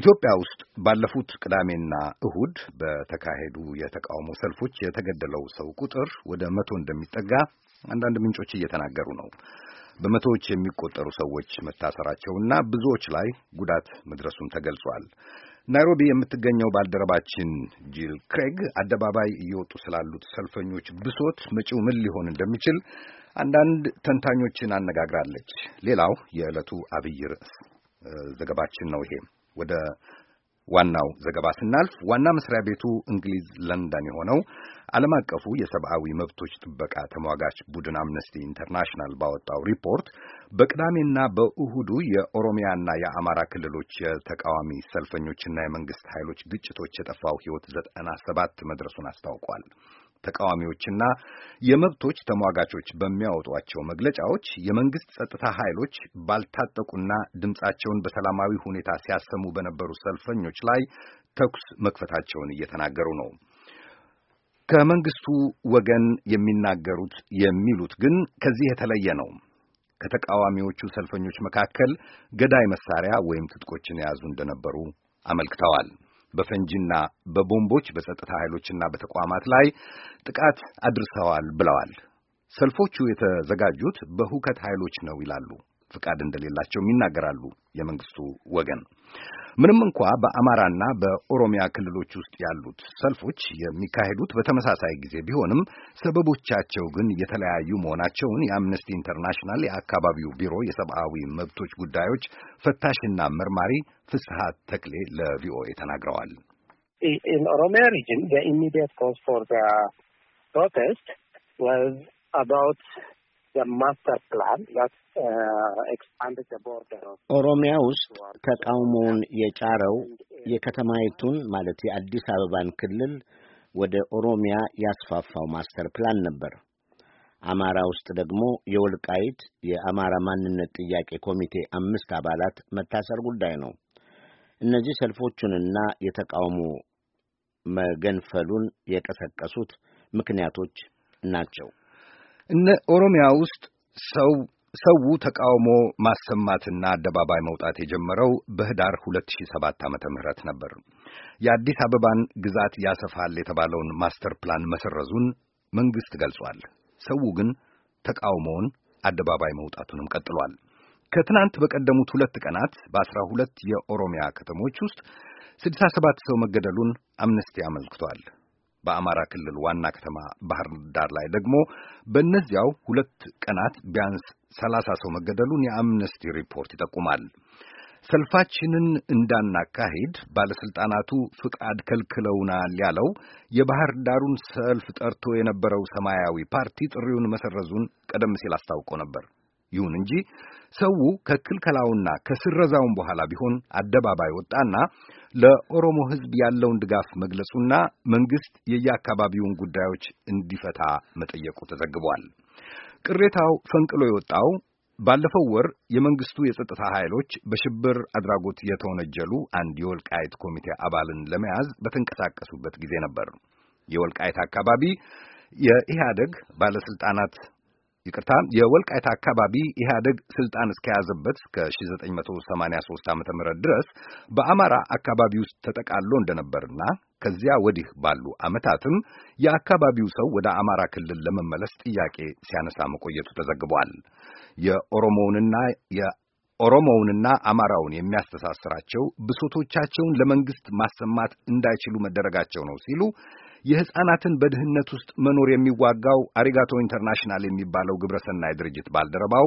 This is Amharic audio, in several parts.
ኢትዮጵያ ውስጥ ባለፉት ቅዳሜና እሁድ በተካሄዱ የተቃውሞ ሰልፎች የተገደለው ሰው ቁጥር ወደ መቶ እንደሚጠጋ አንዳንድ ምንጮች እየተናገሩ ነው። በመቶዎች የሚቆጠሩ ሰዎች መታሰራቸውና ብዙዎች ላይ ጉዳት መድረሱም ተገልጿል። ናይሮቢ የምትገኘው ባልደረባችን ጂል ክሬግ አደባባይ እየወጡ ስላሉት ሰልፈኞች ብሶት መጪው ምን ሊሆን እንደሚችል አንዳንድ ተንታኞችን አነጋግራለች። ሌላው የዕለቱ አብይ ርዕስ ዘገባችን ነው። ይሄ ወደ ዋናው ዘገባ ስናልፍ ዋና መስሪያ ቤቱ እንግሊዝ ለንደን የሆነው ዓለም አቀፉ የሰብአዊ መብቶች ጥበቃ ተሟጋች ቡድን አምነስቲ ኢንተርናሽናል ባወጣው ሪፖርት በቅዳሜና በእሁዱ የኦሮሚያና የአማራ ክልሎች የተቃዋሚ ሰልፈኞችና የመንግስት ኃይሎች ግጭቶች የጠፋው ሕይወት ዘጠና ሰባት መድረሱን አስታውቋል። ተቃዋሚዎችና የመብቶች ተሟጋቾች በሚያወጧቸው መግለጫዎች የመንግስት ጸጥታ ኃይሎች ባልታጠቁና ድምፃቸውን በሰላማዊ ሁኔታ ሲያሰሙ በነበሩ ሰልፈኞች ላይ ተኩስ መክፈታቸውን እየተናገሩ ነው። ከመንግስቱ ወገን የሚናገሩት የሚሉት ግን ከዚህ የተለየ ነው። ከተቃዋሚዎቹ ሰልፈኞች መካከል ገዳይ መሳሪያ ወይም ትጥቆችን የያዙ እንደነበሩ አመልክተዋል። በፈንጂና በቦምቦች በጸጥታ ኃይሎችና በተቋማት ላይ ጥቃት አድርሰዋል ብለዋል። ሰልፎቹ የተዘጋጁት በሁከት ኃይሎች ነው ይላሉ። ፍቃድ እንደሌላቸውም ይናገራሉ የመንግስቱ ወገን። ምንም እንኳ በአማራና በኦሮሚያ ክልሎች ውስጥ ያሉት ሰልፎች የሚካሄዱት በተመሳሳይ ጊዜ ቢሆንም ሰበቦቻቸው ግን የተለያዩ መሆናቸውን የአምነስቲ ኢንተርናሽናል የአካባቢው ቢሮ የሰብአዊ መብቶች ጉዳዮች ፈታሽና መርማሪ ፍስሐ ተክሌ ለቪኦኤ ተናግረዋል። ኦሮሚያ ሪጅን ኢሚዲየት ኮዝ ፎር ፕሮቴስት Uh, ኦሮሚያ ውስጥ ተቃውሞውን የጫረው የከተማይቱን ማለት የአዲስ አበባን ክልል ወደ ኦሮሚያ ያስፋፋው ማስተር ፕላን ነበር። አማራ ውስጥ ደግሞ የወልቃይት የአማራ ማንነት ጥያቄ ኮሚቴ አምስት አባላት መታሰር ጉዳይ ነው። እነዚህ ሰልፎቹንና የተቃውሞ መገንፈሉን የቀሰቀሱት ምክንያቶች ናቸው። እነ ኦሮሚያ ውስጥ ሰው ሰው ተቃውሞ ማሰማትና አደባባይ መውጣት የጀመረው በህዳር 2007 ዓመተ ምህረት ነበር። የአዲስ አበባን ግዛት ያሰፋል የተባለውን ማስተር ፕላን መሰረዙን መንግስት ገልጿል። ሰው ግን ተቃውሞውን አደባባይ መውጣቱንም ቀጥሏል። ከትናንት በቀደሙት ሁለት ቀናት በአስራ ሁለት የኦሮሚያ ከተሞች ውስጥ ስድሳ ሰባት ሰው መገደሉን አምነስቲ አመልክቷል። በአማራ ክልል ዋና ከተማ ባህር ዳር ላይ ደግሞ በእነዚያው ሁለት ቀናት ቢያንስ ሰላሳ ሰው መገደሉን የአምነስቲ ሪፖርት ይጠቁማል። ሰልፋችንን እንዳናካሂድ ባለሥልጣናቱ ፍቃድ ከልክለውናል ያለው የባህር ዳሩን ሰልፍ ጠርቶ የነበረው ሰማያዊ ፓርቲ ጥሪውን መሰረዙን ቀደም ሲል አስታውቆ ነበር። ይሁን እንጂ ሰው ከክልከላውና ከስረዛውን በኋላ ቢሆን አደባባይ ወጣና ለኦሮሞ ሕዝብ ያለውን ድጋፍ መግለጹና መንግስት የየአካባቢውን ጉዳዮች እንዲፈታ መጠየቁ ተዘግቧል። ቅሬታው ፈንቅሎ የወጣው ባለፈው ወር የመንግስቱ የጸጥታ ኃይሎች በሽብር አድራጎት የተወነጀሉ አንድ የወልቃይት ኮሚቴ አባልን ለመያዝ በተንቀሳቀሱበት ጊዜ ነበር። የወልቃይት አካባቢ የኢህአደግ ባለስልጣናት ይቅርታ የወልቃይታ አካባቢ ኢህአደግ ስልጣን እስከያዘበት እስከ 1983 ም ድረስ በአማራ አካባቢ ውስጥ ተጠቃሎ እንደነበርና ከዚያ ወዲህ ባሉ ዓመታትም የአካባቢው ሰው ወደ አማራ ክልል ለመመለስ ጥያቄ ሲያነሳ መቆየቱ ተዘግቧል። የኦሮሞውንና የኦሮሞውንና አማራውን የሚያስተሳስራቸው ብሶቶቻቸውን ለመንግስት ማሰማት እንዳይችሉ መደረጋቸው ነው ሲሉ የህፃናትን በድህነት ውስጥ መኖር የሚዋጋው አሪጋቶ ኢንተርናሽናል የሚባለው ግብረሰናይ ድርጅት ባልደረባው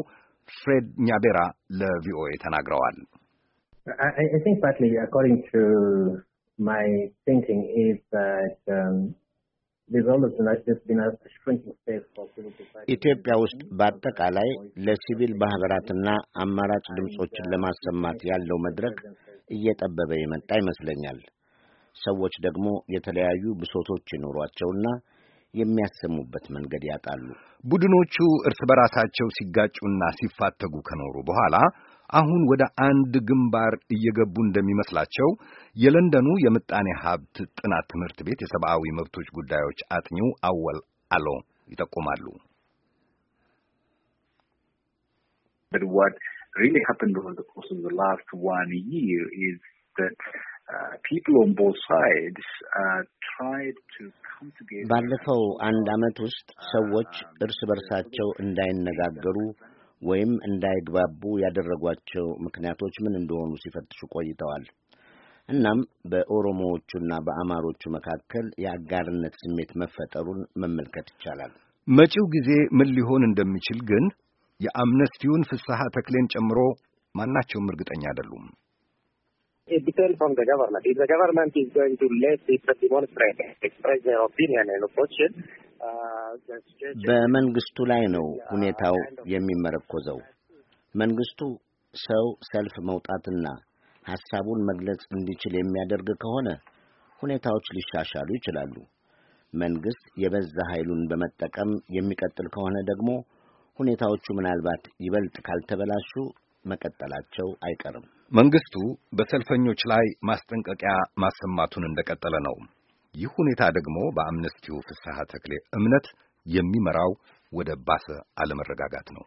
ፍሬድ ኛቤራ ለቪኦኤ ተናግረዋል። um, ኢትዮጵያ ውስጥ በአጠቃላይ ለሲቪል ማህበራትና አማራጭ ድምፆችን ለማሰማት ያለው መድረክ እየጠበበ የመጣ ይመስለኛል። ሰዎች ደግሞ የተለያዩ ብሶቶች ይኖሯቸውና የሚያሰሙበት መንገድ ያጣሉ። ቡድኖቹ እርስ በራሳቸው ሲጋጩና ሲፋተጉ ከኖሩ በኋላ አሁን ወደ አንድ ግንባር እየገቡ እንደሚመስላቸው የለንደኑ የምጣኔ ሀብት ጥናት ትምህርት ቤት የሰብአዊ መብቶች ጉዳዮች አጥኚው አወል አሎ ይጠቁማሉ። Uh, ባለፈው አንድ ዓመት ውስጥ ሰዎች እርስ በርሳቸው እንዳይነጋገሩ ወይም እንዳይግባቡ ያደረጓቸው ምክንያቶች ምን እንደሆኑ ሲፈትሹ ቆይተዋል። እናም በኦሮሞዎቹና በአማሮቹ መካከል የአጋርነት ስሜት መፈጠሩን መመልከት ይቻላል። መጪው ጊዜ ምን ሊሆን እንደሚችል ግን የአምነስቲውን ፍስሐ ተክሌን ጨምሮ ማናቸውም እርግጠኛ አይደሉም። it depends on the government. If the government is going to let people demonstrate, express their opinion and opposition, uh, በመንግስቱ ላይ ነው ሁኔታው የሚመረኮዘው። መንግስቱ ሰው ሰልፍ መውጣትና ሐሳቡን መግለጽ እንዲችል የሚያደርግ ከሆነ ሁኔታዎች ሊሻሻሉ ይችላሉ። መንግስት የበዛ ኃይሉን በመጠቀም የሚቀጥል ከሆነ ደግሞ ሁኔታዎቹ ምናልባት ይበልጥ ካልተበላሹ መቀጠላቸው አይቀርም። መንግስቱ በሰልፈኞች ላይ ማስጠንቀቂያ ማሰማቱን እንደቀጠለ ነው። ይህ ሁኔታ ደግሞ በአምነስቲው ፍስሐ ተክሌ እምነት የሚመራው ወደ ባሰ አለመረጋጋት ነው።